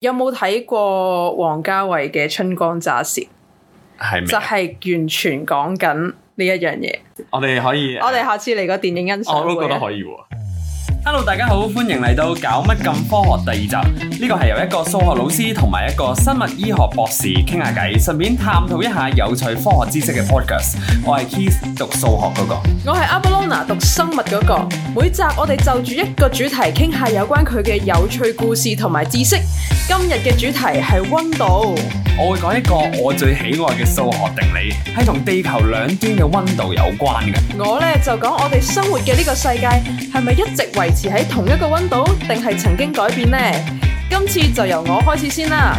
有冇睇過王家衛嘅《春光乍泄》？係咪就係完全講緊呢一樣嘢？我哋可以，我哋下次嚟個電影欣賞。我都覺得可以。Hello，大家好，歡迎嚟到搞乜咁科學第二集。呢個係由一個數學老師同埋一個生物醫學博士傾下偈，順便探討一下有趣科學知識嘅 podcast。我係 Keith 讀數學嗰個，我係 Abellona 讀生物嗰個。每集我哋就住一個主題傾下有關佢嘅有趣故事同埋知識。今日嘅主題係溫度。我會講一個我最喜愛嘅數學定理，係同地球兩端嘅溫度有關嘅。我呢就講我哋生活嘅呢個世界係咪一直為維持喺同一個溫度，定係曾經改變呢？今次就由我開始先啦。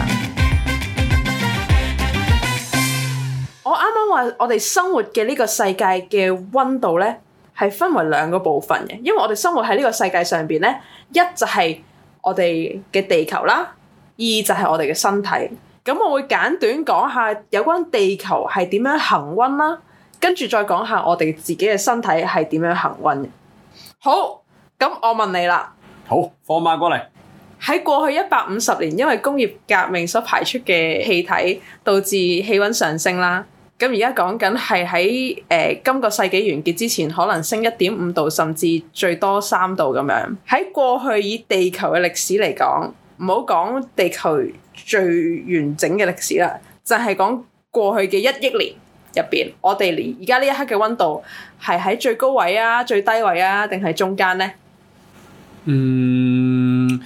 我啱啱話，我哋生活嘅呢個世界嘅溫度呢，係分為兩個部分嘅。因為我哋生活喺呢個世界上面呢，一就係我哋嘅地球啦，二就係我哋嘅身體。咁我會簡短講下有關地球係點樣恆溫啦，跟住再講下我哋自己嘅身體係點樣恆溫嘅。好。咁我問你啦，好，放慢過嚟。喺過去一百五十年，因為工業革命所排出嘅氣體導致氣溫上升啦。咁而家講緊係喺誒今個世紀完結之前，可能升一點五度，甚至最多三度咁樣。喺過去以地球嘅歷史嚟講，唔好講地球最完整嘅歷史啦，就係講過去嘅一億年入邊，我哋而家呢一刻嘅溫度係喺最高位啊、最低位啊，定係中間呢？嗯，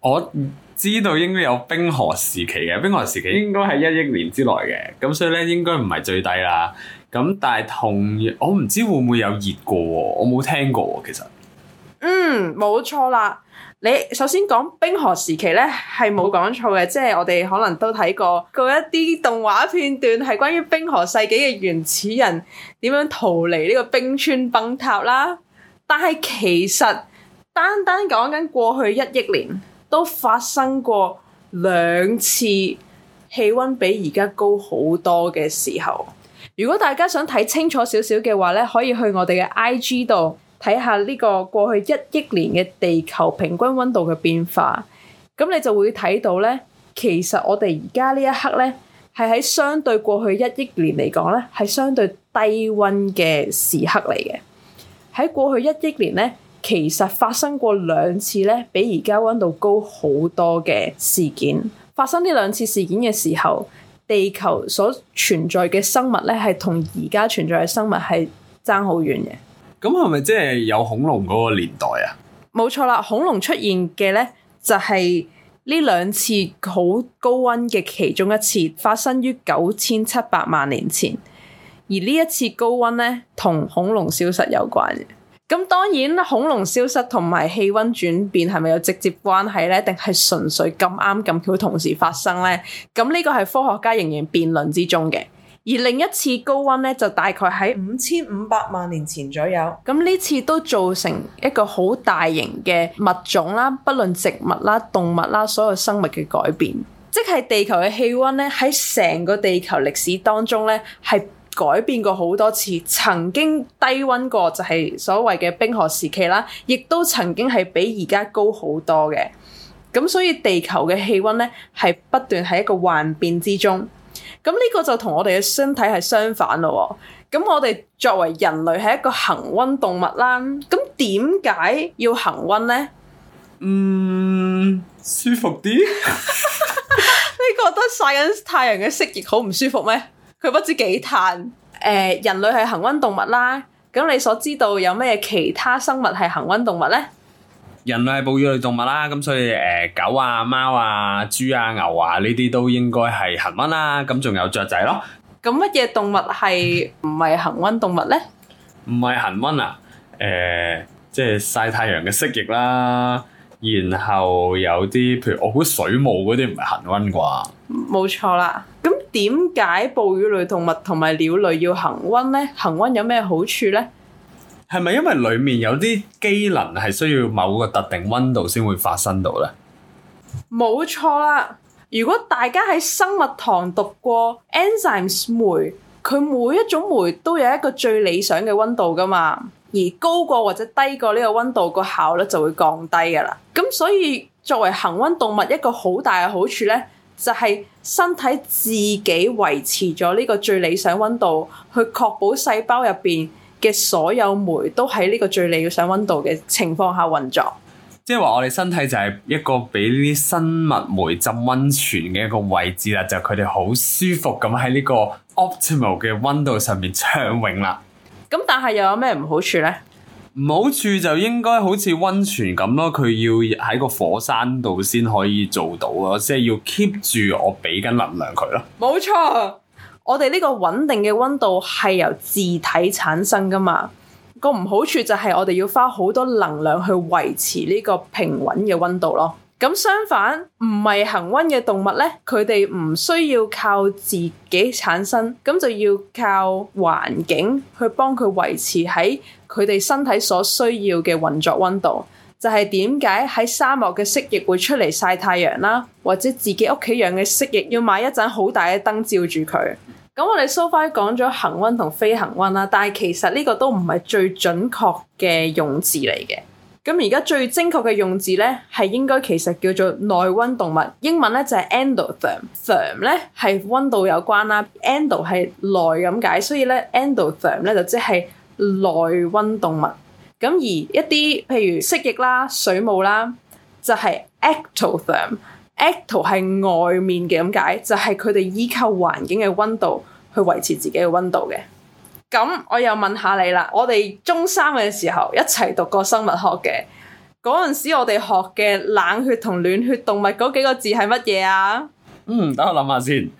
我知道應該有冰河時期嘅，冰河時期應該億年之內，所以呢，應該係一億年之內嘅，咁所以咧應該唔係最低啦。咁但係同我唔知會唔會有熱過，我冇聽過其實。嗯，冇錯啦。你首先講冰河時期咧係冇講錯嘅，即係、就是、我哋可能都睇過嗰一啲動畫片段，係關於冰河世紀嘅原始人點樣逃離呢個冰川崩塌啦。但係其實。單單講緊過去一億年都發生過兩次氣溫比而家高好多嘅時候。如果大家想睇清楚少少嘅話咧，可以去我哋嘅 IG 度睇下呢個過去一億年嘅地球平均溫度嘅變化。咁、嗯、你就會睇到咧，其實我哋而家呢一刻咧，係喺相對過去一億年嚟講咧，係相對低溫嘅時刻嚟嘅。喺過去一億年咧。其實發生過兩次咧，比而家溫度高好多嘅事件。發生呢兩次事件嘅時候，地球所存在嘅生物咧，係同而家存在嘅生物係爭好遠嘅。咁係咪即係有恐龍嗰個年代啊？冇錯啦，恐龍出現嘅咧就係呢兩次好高溫嘅其中一次，發生於九千七百萬年前。而呢一次高溫咧，同恐龍消失有關嘅。咁當然，恐龍消失同埋氣溫轉變係咪有直接關係呢？定係純粹咁啱咁巧同時發生呢？咁呢個係科學家仍然辯論之中嘅。而另一次高溫呢，就大概喺五千五百萬年前左右。咁呢次都造成一個好大型嘅物種啦，不論植物啦、動物啦，所有生物嘅改變，即係地球嘅氣溫呢，喺成個地球歷史當中呢。係。改變過好多次，曾經低溫過就係所謂嘅冰河時期啦，亦都曾經係比而家高好多嘅。咁所以地球嘅氣溫呢，係不斷喺一個幻變之中。咁呢個就同我哋嘅身體係相反咯喎。咁我哋作為人類係一個恒溫動物啦。咁點解要恒溫呢？嗯，舒服啲。 你覺得晒緊太陽嘅蜥蜴好唔舒服咩？佢不知幾嘆，誒、欸，人類係恆溫動物啦。咁你所知道有咩其他生物係恆溫動物咧？人類係哺乳類動物啦，咁所以誒、欸，狗啊、貓啊、豬啊、牛啊呢啲都應該係恆溫啦。咁仲有雀仔咯。咁乜嘢動物係唔係恆溫動物咧？唔係恆溫啊，誒、欸，即係曬太陽嘅蜥蜴啦，然後有啲，譬如我估水母嗰啲唔係恆溫啩？冇錯啦。咁點解哺乳類動物同埋鳥類要恒温咧？恒温有咩好處咧？係咪因為裏面有啲機能係需要某個特定温度先會發生到咧？冇錯啦！如果大家喺生物堂讀過 enzymes 酶，佢每一種酶都有一個最理想嘅温度噶嘛，而高過或者低過呢個温度，個效率就會降低噶啦。咁所以作為恒温動物，一個好大嘅好處咧。就係身體自己維持咗呢個最理想温度，去確保細胞入邊嘅所有酶都喺呢個最理想温度嘅情況下運作。即係話我哋身體就係一個俾啲生物酶浸温泉嘅一個位置啦，就佢哋好舒服咁喺呢個 optimal 嘅温度上面暢泳啦。咁但係又有咩唔好處咧？唔好處就應該好似温泉咁咯，佢要喺個火山度先可以做到咯，即係要 keep 住我俾緊能量佢咯。冇錯，我哋呢個穩定嘅温度係由字體產生噶嘛。那個唔好處就係我哋要花好多能量去維持呢個平穩嘅温度咯。咁相反，唔係恒温嘅動物咧，佢哋唔需要靠自己產生，咁就要靠環境去幫佢維持喺。佢哋身體所需要嘅運作温度，就係點解喺沙漠嘅蜥蜴會出嚟曬太陽啦，或者自己屋企養嘅蜥蜴要買一盞好大嘅燈照住佢。咁我哋 so far 講咗恒温同非恒温啦，但係其實呢個都唔係最準確嘅用字嚟嘅。咁而家最精確嘅用字咧，係應該其實叫做內溫動物，英文咧就係 endotherm。therm 咧係温度有關啦 endo，endo 是內咁解，所以咧 endotherm 咧就即係。內溫動物，咁而一啲譬如蜥蜴啦、水母啦，就係 ectotherm，ecto 係外面嘅咁解，就係佢哋依靠環境嘅温度去維持自己嘅温度嘅。咁我又問下你啦，我哋中三嘅時候一齊讀過生物學嘅，嗰陣時我哋學嘅冷血同暖血動物嗰幾個字係乜嘢啊？嗯，等我諗下先。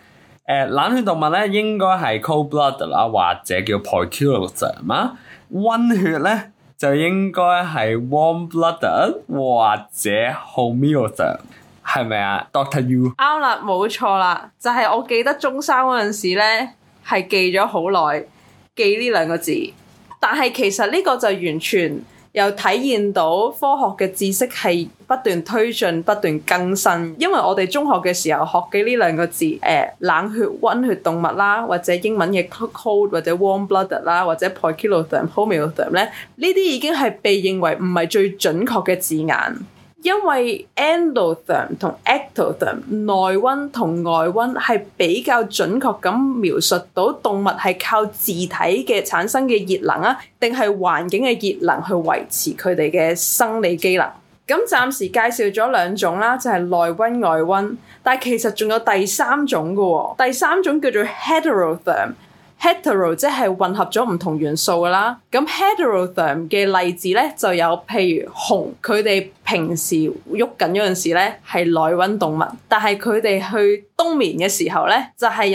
誒，冷血動物咧應該係 cold blood 啦，或者叫 poikilotherm 啊。温血咧就應該係 warm blood 或者 homeotherm，係咪啊？Doctor U，啱啦，冇錯啦，就係、是、我記得中三嗰陣時咧，係記咗好耐記呢兩個字，但係其實呢個就完全。又體現到科學嘅知識係不斷推進、不斷更新，因為我哋中學嘅時候學嘅呢兩個字，誒、呃、冷血、温血動物啦，或者英文嘅 cold 或者 warm blooded 啦，blooded，或者 poikilotherm、homeotherm 咧，erm，呢啲已經係被認為唔係最準確嘅字眼。因為 endotherm 同 ectotherm 內溫同外溫係比較準確咁描述到動物係靠自體嘅產生嘅熱能啊，定係環境嘅熱能去維持佢哋嘅生理機能。咁暫時介紹咗兩種啦，就係內溫外溫，但係其實仲有第三種㗎喎，第三種叫做 heterotherm。hetero 即係混合咗唔同元素噶啦，咁 heterotherm 嘅例子咧就有，譬如熊，佢哋平時喐緊嗰陣時咧係內溫動物，但係佢哋去冬眠嘅時候咧就係、是、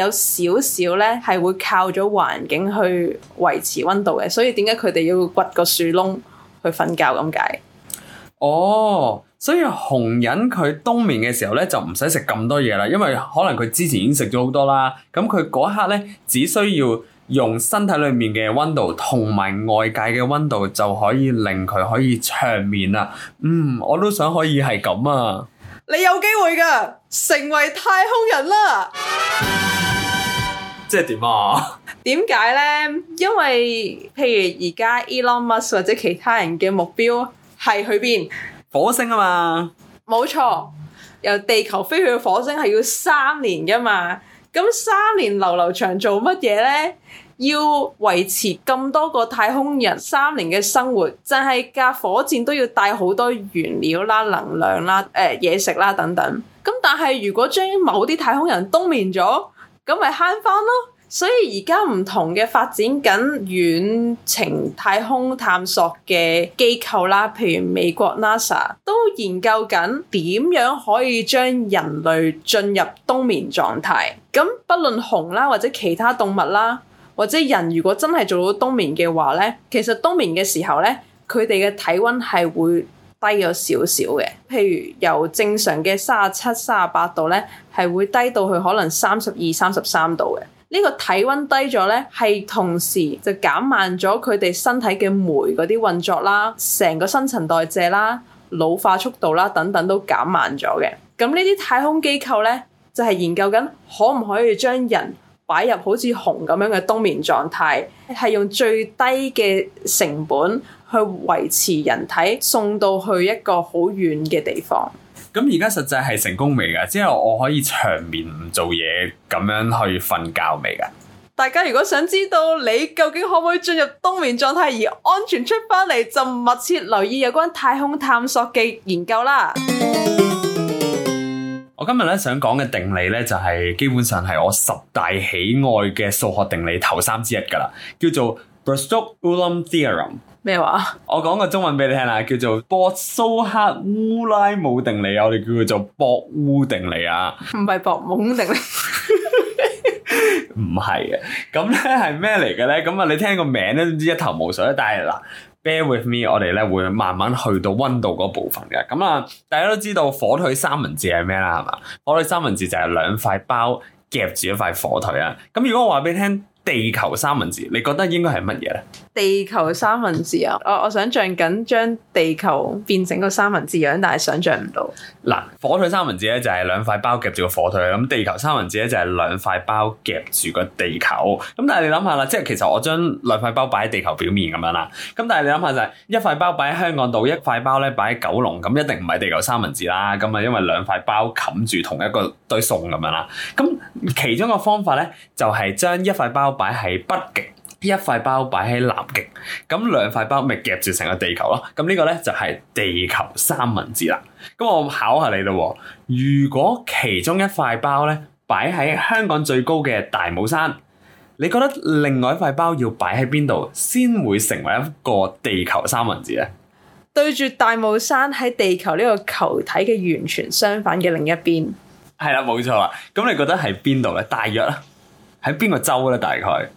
有少少咧係會靠咗環境去維持溫度嘅，所以點解佢哋要掘個樹窿去瞓覺咁解？哦。Oh. 所以熊人佢冬眠嘅時候咧，就唔使食咁多嘢啦，因為可能佢之前已經食咗好多啦。咁佢嗰刻咧，只需要用身體裏面嘅溫度同埋外界嘅溫度就可以令佢可以長眠啦。嗯，我都想可以係咁啊！你有機會噶，成為太空人啦！即係點啊？點解咧？因為譬如而家 Elon Musk 或者其他人嘅目標係去邊？火星啊嘛，冇錯，由地球飛去火星係要三年噶嘛，咁三年流流長做乜嘢咧？要維持咁多個太空人三年嘅生活，就係架火箭都要帶好多原料啦、能量啦、誒、呃、嘢食啦等等。咁但係如果將某啲太空人冬眠咗，咁咪慳翻咯。所以而家唔同嘅發展緊遠程太空探索嘅機構啦，譬如美國 NASA 都研究緊點樣可以將人類進入冬眠狀態。咁，不論熊啦或者其他動物啦，或者人，如果真係做到冬眠嘅話咧，其實冬眠嘅時候咧，佢哋嘅體温係會低咗少少嘅。譬如由正常嘅三十七、三十八度咧，係會低到去可能三十二、三十三度嘅。呢個體温低咗咧，係同時就減慢咗佢哋身體嘅酶嗰啲運作啦，成個新陳代謝啦、老化速度啦等等都減慢咗嘅。咁呢啲太空機構咧，就係研究緊可唔可以將人擺入好似熊咁樣嘅冬眠狀態，係用最低嘅成本去維持人體送到去一個好遠嘅地方。咁而家實際係成功未噶？之後我可以長眠唔做嘢咁樣去瞓覺未噶？大家如果想知道你究竟可唔可以進入冬眠狀態而安全出翻嚟，就密切留意有關太空探索嘅研究啦。 我今日咧想講嘅定理咧，就係基本上係我十大喜愛嘅數學定理頭三之一噶啦，叫做 Borsuk-Ulam Theorem。咩話？我講個中文俾你聽啦，叫做博蘇克烏拉姆定理，我哋叫佢做博烏定理啊。唔係博懵定理，唔係嘅。咁咧係咩嚟嘅咧？咁啊，你聽個名都知一頭霧水。但係嗱，呃，bear with me，我哋咧會慢慢去到溫度嗰部分嘅。咁啊，大家都知道火腿三文治係咩啦，係嘛？火腿三文治就係兩塊包夾住一塊火腿啊。咁如果我話俾你聽，地球三文治，你覺得應該係乜嘢咧？地球三文治啊！我我想象緊將地球變成個三文治樣，但係想象唔到。嗱，火腿三文治咧就係兩塊包夾住個火腿，咁地球三文治咧就係兩塊包夾住個地球。咁但係你諗下啦，即係其實我將兩塊包擺喺地球表面咁樣啦。咁但係你諗下就係，一塊包擺喺香港度，一塊包咧擺喺九龍，咁一定唔係地球三文治啦。咁啊，因為兩塊包冚住同一個堆餸，咁樣啦。咁其中個方法咧，就係將一塊包擺喺北極。一塊包擺喺南極，咁兩塊包咪夾住成個地球咯。咁呢個咧就係地球三文治啦。咁我考下你咯。如果其中一塊包咧擺喺香港最高嘅大帽山，你覺得另外一塊包要擺喺邊度先會成為一個地球三文治咧？對住大帽山喺地球呢個球體嘅完全相反嘅另一邊，係啦，冇錯啦。咁你覺得喺邊度咧？大約啦，喺邊個洲咧？大概？大概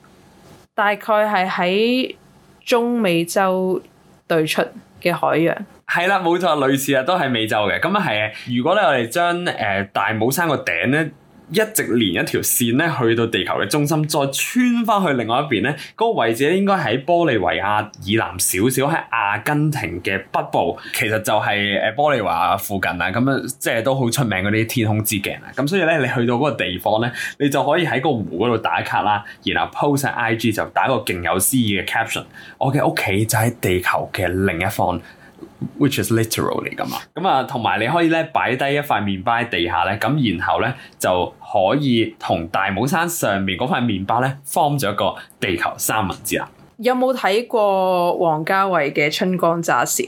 大概係喺中美洲對出嘅海洋。係啦，冇錯，類似啊，都係美洲嘅。咁啊係，如果咧我哋將誒、呃、大帽山個頂咧，一直連一條線咧，去到地球嘅中心，再穿翻去另外一邊咧，嗰、那個位置咧，應該喺玻利維亞以南少少，喺阿根廷嘅北部，其實就係誒玻利維亞附近啦。咁啊，即係都好出名嗰啲天空之鏡啊。咁所以咧，你去到嗰個地方咧，你就可以喺個湖嗰度打卡啦，然後 post 喺 IG 就打一個勁有詩意嘅 caption。我嘅屋企就喺地球嘅另一方。Which is literal 嚟噶嘛？咁啊，同埋你可以咧擺低一塊麵包喺地下咧，咁然後咧就可以同大帽山上面嗰塊麵包咧，form 咗一個地球三文治啊！有冇睇過王家衛嘅《春光乍泄》？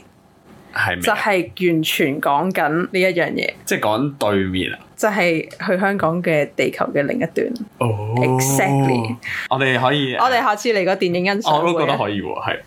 係就係完全講緊呢一樣嘢，即係講對面啊！就係去香港嘅地球嘅另一端哦。Oh, exactly，我哋可以， 我哋下次嚟個電影欣賞，我都覺得可以喎，係。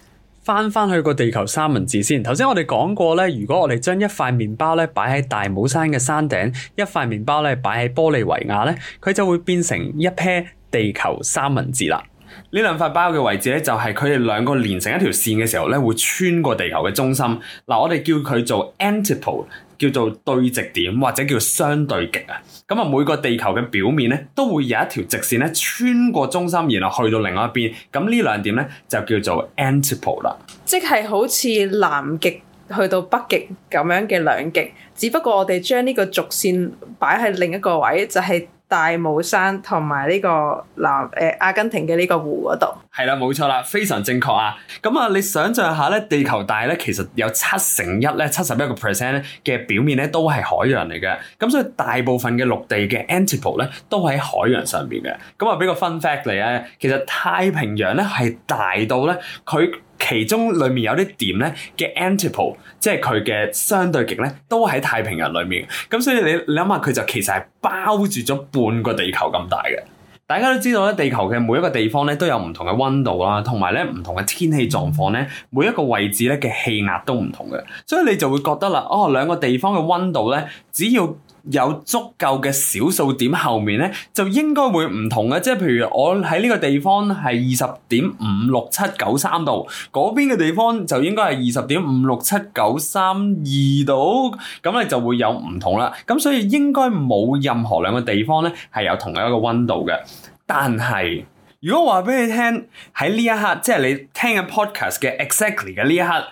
返返去個地球三文治先。頭先我哋講過咧，如果我哋將一塊麵包咧擺喺大帽山嘅山頂，一塊麵包咧擺喺玻利維亞咧，佢就會變成一樖地球三文治啦。呢兩塊包嘅位置咧，就係佢哋兩個連成一條線嘅時候咧，會穿過地球嘅中心。嗱，我哋叫佢做 antipode 叫做對直點或者叫做相對極啊，咁啊每個地球嘅表面咧都會有一條直線咧穿過中心，然後去到另外一邊，咁呢兩點咧就叫做 antipole 啦，即係好似南極去到北極咁樣嘅兩極，只不過我哋將呢個軸線擺喺另一個位，就係、是。大帽山同埋呢個南誒阿根廷嘅呢個湖嗰度，係啦冇錯啦，非常正確啊！咁啊，你想象下咧，地球大咧，其實有七成一咧，七十一個 percent 咧嘅表面咧都係海洋嚟嘅，咁所以大部分嘅陸地嘅 antipode 咧都喺海洋上邊嘅。咁啊，俾個 fun fact 嚟咧，其實太平洋咧係大到咧佢。其中裡面有啲點咧嘅 antipole 即係佢嘅相對極咧，都喺太平洋裡面嘅。咁所以你你諗下，佢就其實係包住咗半個地球咁大嘅。大家都知道咧，地球嘅每一個地方咧都有唔同嘅温度啦，同埋咧唔同嘅天氣狀況咧，每一個位置咧嘅氣壓都唔同嘅。所以你就會覺得啦，哦，兩個地方嘅温度咧，只要有足夠嘅小數點後面咧，就應該會唔同嘅。即係譬如我喺呢個地方係二十點五六七九三度，嗰邊嘅地方就應該係二十點五六七九三二度，咁咧就會有唔同啦。咁所以應該冇任何兩個地方咧係有同一個溫度嘅。但係如果話俾你聽，喺呢一刻，即係你聽緊 podcast 嘅 exactly 嘅呢一刻，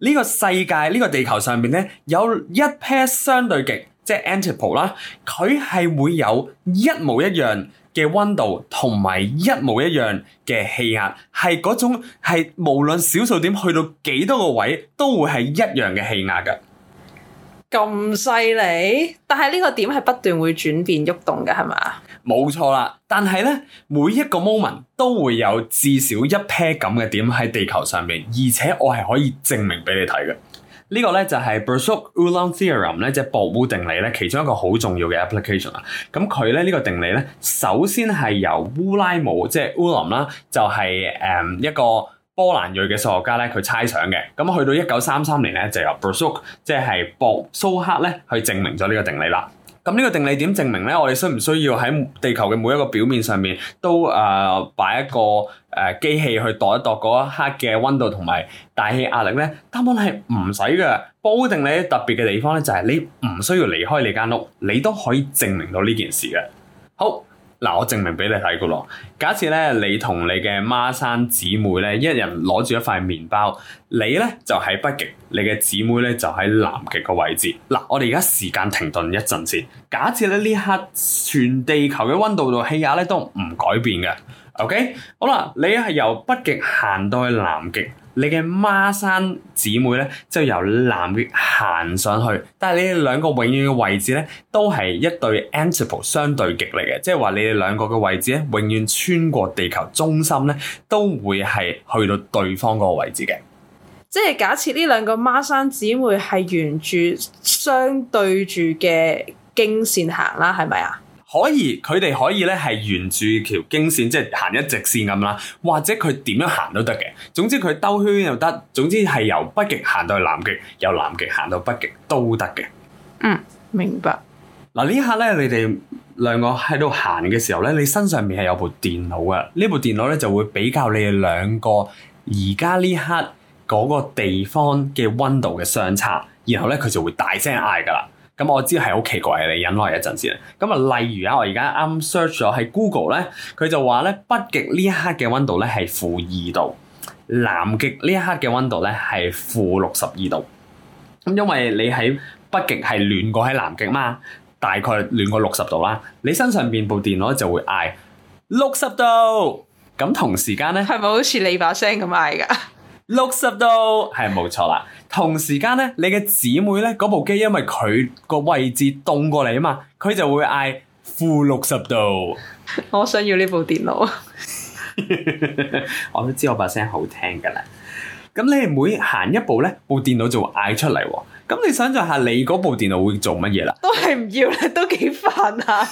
呢個世界，呢個地球上面咧有一 pair 相對極。即係 Antipole 啦，佢係會有一模一樣嘅溫度同埋一模一樣嘅氣壓，係嗰種係無論小數點去到幾多個位都會係一樣嘅氣壓噶。咁犀利？但係呢個點係不斷會轉變喐動噶，係嘛？冇錯啦，但係咧，每一個 moment 都會有至少一 pair 咁嘅點喺地球上邊，而且我係可以證明俾你睇嘅。呢個咧就係 Borsuk-Ulam 定理咧，即係博烏定理咧，其中一個好重要嘅 application 啊。咁佢咧呢個定理咧，首先係由烏拉姆即係 Ulam 啦，就係、是、誒一個波蘭裔嘅數學家咧，佢猜想嘅。咁去到一九三三年咧，就由 Borsuk 即係博蘇克咧，去證明咗呢個定理啦。咁呢個定理點證明咧？我哋需唔需要喺地球嘅每一個表面上面都誒擺、呃、一個誒機、呃、器去度一度嗰一刻嘅溫度同埋大氣壓力咧？根本係唔使嘅。波烏定理特別嘅地方咧，就係你唔需要離開你間屋，你都可以證明到呢件事嘅。好，嗱，我證明俾你睇㗎咯。假設咧，你同你嘅孖生姊妹咧，一人攞住一塊麵包，你咧就喺北極。你嘅姊妹咧就喺南極嘅位置。嗱，我哋而家時間停頓一陣先。假設咧呢刻全地球嘅溫度同氣壓咧都唔改變嘅。OK，好啦，你係由北極行到去南極，你嘅孖生姊妹咧就由南極行上去。但係你哋兩個永遠嘅位置咧都係一對 antipole 相對極嚟嘅，即係話你哋兩個嘅位置咧永遠穿過地球中心咧都會係去到對方嗰個位置嘅。即係假設呢兩個孖生姊妹係沿住相對住嘅經線行啦，係咪啊？可以，佢哋可以咧係沿住條經線，即係行一直線咁啦，或者佢點樣行都得嘅。總之佢兜圈又得，總之係由北極行到去南極，由南極行到北極都得嘅。嗯，明白。嗱，呢刻咧，你哋兩個喺度行嘅時候咧，你身上面係有部電腦啊。呢部電腦咧就會比較你哋兩個而家呢刻。嗰個地方嘅溫度嘅相差，然後咧佢就會大聲嗌噶啦。咁、嗯、我知係好奇怪，你忍耐一陣先。咁、嗯、啊，例如啊，我而家啱 search 咗喺 Google 咧，佢就話咧北極呢一刻嘅溫度咧係負二度，南極呢一刻嘅溫度咧係負六十二度。咁、嗯、因為你喺北極係暖過喺南極嘛，大概暖過六十度啦。你身上面部電腦就會嗌六十度。咁同時間咧，係咪好似你把聲咁嗌噶？六十度，係冇錯啦。同時間咧，你嘅姊妹咧，嗰部機因為佢個位置凍過嚟啊嘛，佢就會嗌負六十度。我想要呢部電腦。 我都知我把聲好聽噶啦。咁你每行一步咧，電腦部電腦就會嗌出嚟。咁、 okay, okay, okay, okay. 你想象下，你嗰部電腦會做乜嘢啦？都係唔要啦，都幾煩啊。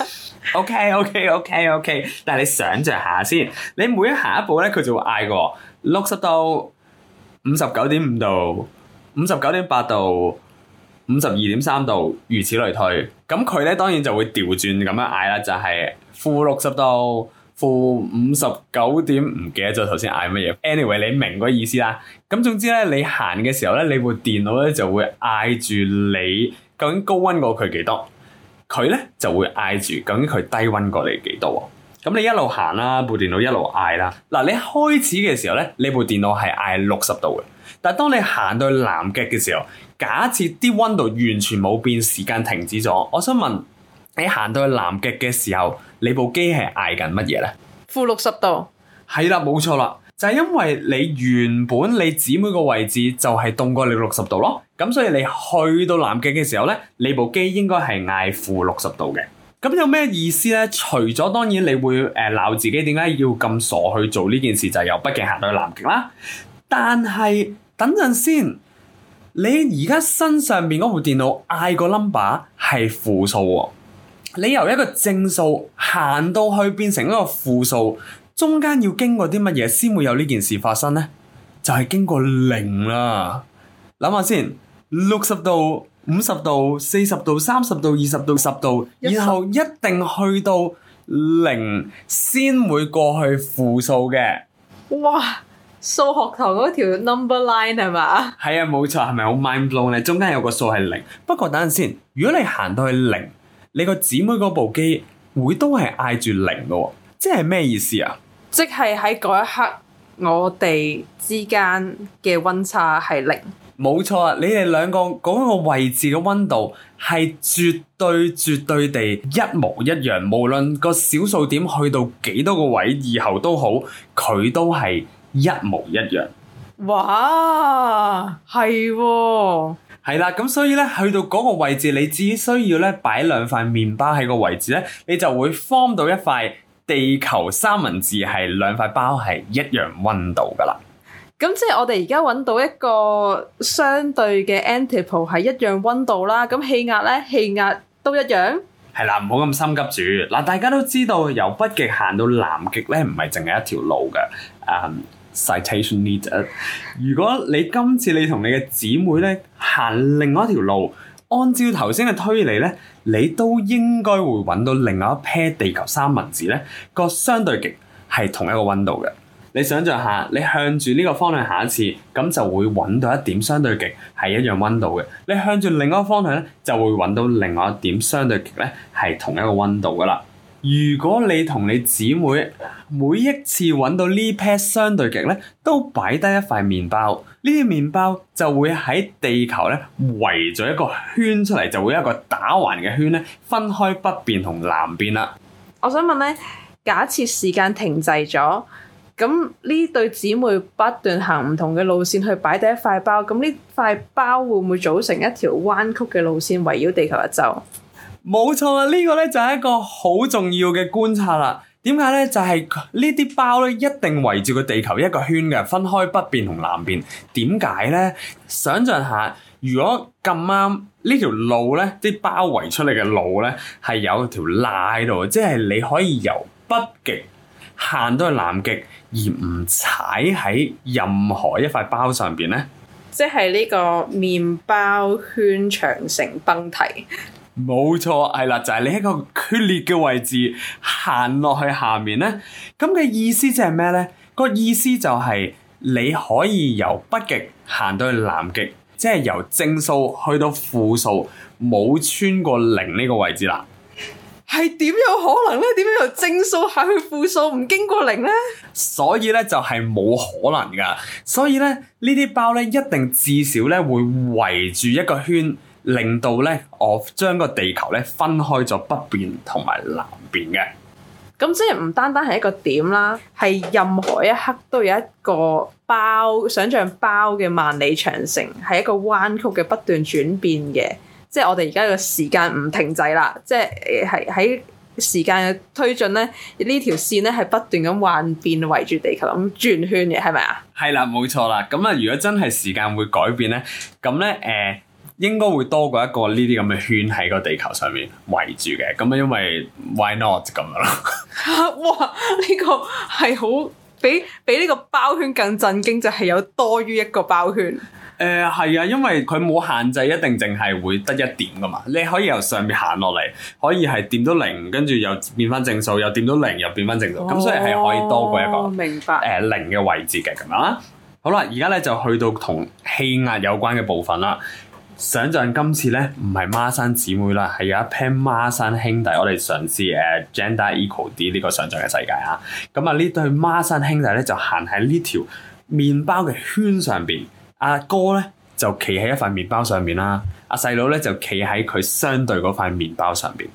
OK，OK，OK，OK。但係你想象下先，你每行一步咧，佢就會嗌個六十度。五十九點五度、五十九點八度、五十二點三度，如此類推。咁佢咧當然就會調轉咁樣嗌啦，就係負六十度、負五十九點唔記得咗頭先嗌乜嘢。Anyway，你明個意思啦。咁總之咧，你行嘅時候咧，你部電腦咧就會嗌住你究竟高温過佢幾多，佢咧就會嗌住究竟佢低温過你幾多。咁你一路行啦，部電腦一路嗌啦。嗱，你開始嘅時候咧，你部電腦係嗌六十度嘅。但係當你行到去南極嘅時候，假設啲溫度完全冇變，時間停止咗，我想問你行到去南極嘅時候，你部機係嗌緊乜嘢咧？負六十度。係啦，冇錯啦，就係因為你原本你姊妹個位置就係凍過你六十度咯，咁所以你去到南極嘅時候咧，你部機應該係嗌負六十度嘅。咁有咩意思呢？除咗當然，你會誒鬧、呃、自己點解要咁傻去做呢件事，就係、由北極行到去南極啦。但係等陣先，你而家身上面嗰部電腦嗌個 number 係負數喎。你由一個正數行到去變成一個負數，中間要經過啲乜嘢先會有呢件事發生呢？就係、是、經過零啦。諗下先，六十度、五十度、四十度、三十度、二十度、十度，然後一定去到零先會過去負數嘅。哇！數學堂嗰條 number line 係嘛？係啊，冇錯，係咪好 mind blown 咧？中間有個數係零。不過等陣先，如果你行到去零，你個姊妹嗰部機會都係嗌住零嘅喎。即係咩意思啊？即係喺嗰一刻，我哋之間嘅溫差係零。冇錯啊！你哋兩個嗰個位置嘅温度係絕對絕對地一模一樣，無論個小數點去到幾多個位以後都好，佢都係一模一樣。哇！係喎，係啦，咁所以咧，去到嗰個位置，你只需要咧擺兩塊麵包喺個位置咧，你就會 form 到一塊地球三文治，係兩塊包係一樣温度噶啦。咁即係我哋而家揾到一個相對嘅 Antipole 係一樣温度啦，咁氣壓呢，氣壓都一樣。係啦，唔好咁心急住。嗱，大家都知道由北極行到南極呢，唔係淨係一條路噶。啊、um,，citation needed 如果你今次你同你嘅姊妹呢行另外一條路，按照頭先嘅推理呢，你都應該會揾到另外一 pair 地球三文治呢，個相對極係同一個温度嘅。你想象下，你向住呢個方向下一次，咁就會揾到一點相對極，係一樣溫度嘅。你向住另一個方向咧，就會揾到另外一點相對極咧，係同一個溫度噶啦。如果你同你姊妹每一次揾到呢 pair 相對極咧，都擺低一塊麵包，呢啲麵包就會喺地球咧圍咗一個圈出嚟，就會一個打橫嘅圈咧，分開北邊同南邊啦。我想問咧，假設時間停滯咗。咁呢對姊妹不斷行唔同嘅路線去擺第一塊包，咁呢塊包會唔會組成一條彎曲嘅路線圍繞地球一週？冇錯啦，呢個咧就係一個好重要嘅觀察啦。點解咧？就係呢啲包咧一定圍住個地球一個圈嘅，分開北邊同南邊。點解咧？想象下，如果咁啱呢條路咧，啲包圍出嚟嘅路咧係有條罅喺度，即係你可以由北極。行到去南極而唔踩喺任何一塊包上邊咧，即係呢個麵包圈長城崩堤。冇 錯，係啦，就係、是、你喺個斷裂嘅位置行落去下面咧。咁嘅意思就係咩咧？個意思就係、那個、你可以由北極行到去南極，即、就、係、是、由正數去到負數，冇穿過零呢個位置啦。係點有可能咧？點樣由正數下去負數，唔經過零咧？所以咧就係冇可能噶。所以咧呢啲包咧一定至少咧會圍住一個圈，令到咧我將個地球咧分開咗北邊同埋南邊嘅。咁即係唔單單係一個點啦，係任何一刻都有一個包，想象包嘅萬里長城係一個彎曲嘅不斷轉變嘅。即係我哋而家個時間唔停滯啦，即係係喺時間嘅推進咧，呢條線咧係不斷咁幻變，圍住地球咁轉圈嘅，係咪啊？係啦，冇錯啦。咁啊，如果真係時間會改變咧，咁咧誒，應該會多過一個呢啲咁嘅圈喺個地球上面圍住嘅。咁啊，因為 why not 咁樣啦？ 哇，呢、呢個係好比比呢個包圈更震驚，就係、係、有多於一個包圈。誒係啊，因為佢冇限制，一定淨係會得一點噶嘛。你可以由上面行落嚟，可以係掂到零，跟住又變翻正數，又掂到零又變翻正數，咁、哦、所以係可以多過一個誒明白、呃、零嘅位置嘅咁啦。好啦，而家咧就去到同氣壓有關嘅部分啦。想象今次咧唔係孖生姊妹啦，係有一 pair 孖生兄弟。我哋嘗試誒 Gender Equal 啲呢個想象嘅世界啊。咁啊，呢對孖生兄弟咧就行喺呢條麵包嘅圈上邊。阿哥咧就企喺一塊麵包上面啦，阿細佬咧就企喺佢相對嗰塊麵包上面。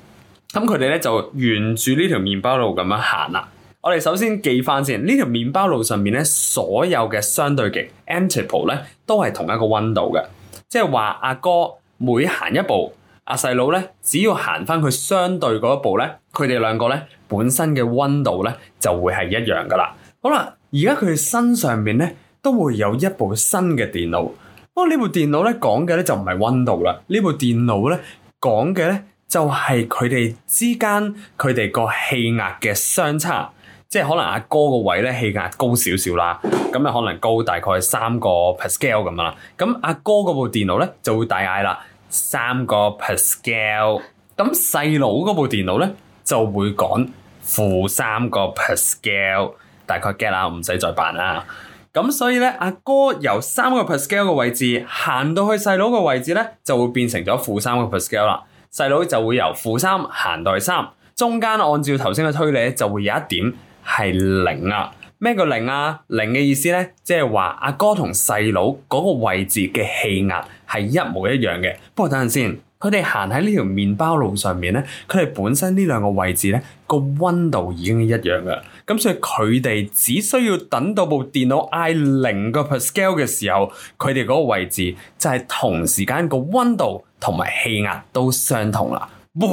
咁佢哋咧就沿住呢條麵包路咁樣行啦。我哋首先記翻先，呢條麵包路上面咧所有嘅相對極 Antipole 咧都係同一個溫度嘅，即係話阿哥每行一步，阿細佬咧只要行翻佢相對嗰一步咧，佢哋兩個咧本身嘅溫度咧就會係一樣噶啦。好啦，而家佢哋身上面咧。都會有一部新嘅電腦。不過呢部電腦咧講嘅咧就唔係温度啦，呢部電腦咧講嘅咧就係佢哋之間佢哋個氣壓嘅相差。即係可能阿哥個位咧氣壓高少少啦，咁啊可能高大概三個 pascal 咁啦。咁阿哥嗰部電腦咧就會大嗌啦，三個 pascal。咁細佬嗰部電腦咧就會講負三個 pascal。大概 get 啦，唔使再扮啦。咁所以咧，阿哥由三個 pascal 嘅位置行到去細佬嘅位置咧，就會變成咗負三個 pascal 啦。細佬就會由負三行到去三，中間按照頭先嘅推理咧，就會有一點係零啊。咩叫零啊？零嘅意思咧，即係話阿哥同細佬嗰個位置嘅氣壓係一模一樣嘅。不過等陣先，佢哋行喺呢條麵包路上面咧，佢哋本身呢兩個位置咧個温度已經一樣嘅。咁所以佢哋只需要等到部電腦嗌零個 pascal 嘅時候，佢哋嗰個位置就係同時間個溫度同埋氣壓都相同啦。哇！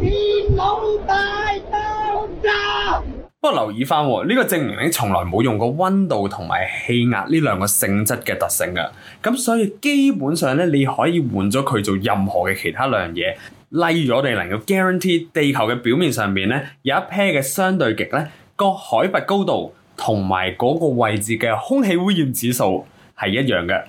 電腦大爆炸啊。不過留意翻呢、呢個證明你從來冇用過溫度同埋氣壓呢兩個性質嘅特性㗎。咁所以基本上咧，你可以換咗佢做任何嘅其他兩樣嘢。例如我哋能夠 guarantee 地球嘅表面上面咧有一 pair 嘅相對極咧。個海拔高度同埋嗰個位置嘅空氣污染指數係一樣嘅，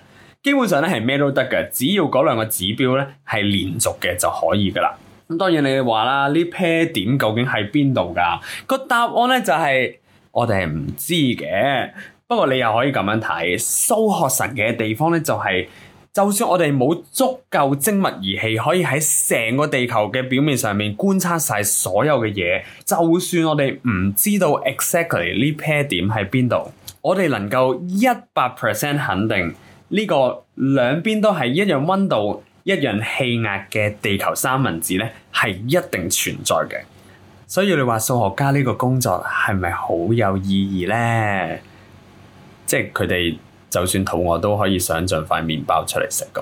基本上咧係咩都得嘅，只要嗰兩個指標咧係連續嘅就可以噶啦。咁當然你話啦，呢 pair 點究竟喺邊度噶？個答案咧就係、是、我哋係唔知嘅。不過你又可以咁樣睇，科學神嘅地方咧就係、是。就算我哋冇足夠精密儀器可以喺成個地球嘅表面上面觀察晒所有嘅嘢，就算我哋唔知道 exactly 呢 pair 點喺邊度，我哋能夠一百 percent 肯定，呢個兩邊都係一樣溫度、一樣氣壓嘅地球三文治呢係一定存在嘅。所以你話數學家呢個工作係咪好有意義呢？即係佢哋。就算肚餓都可以想像塊麵包出嚟食咁。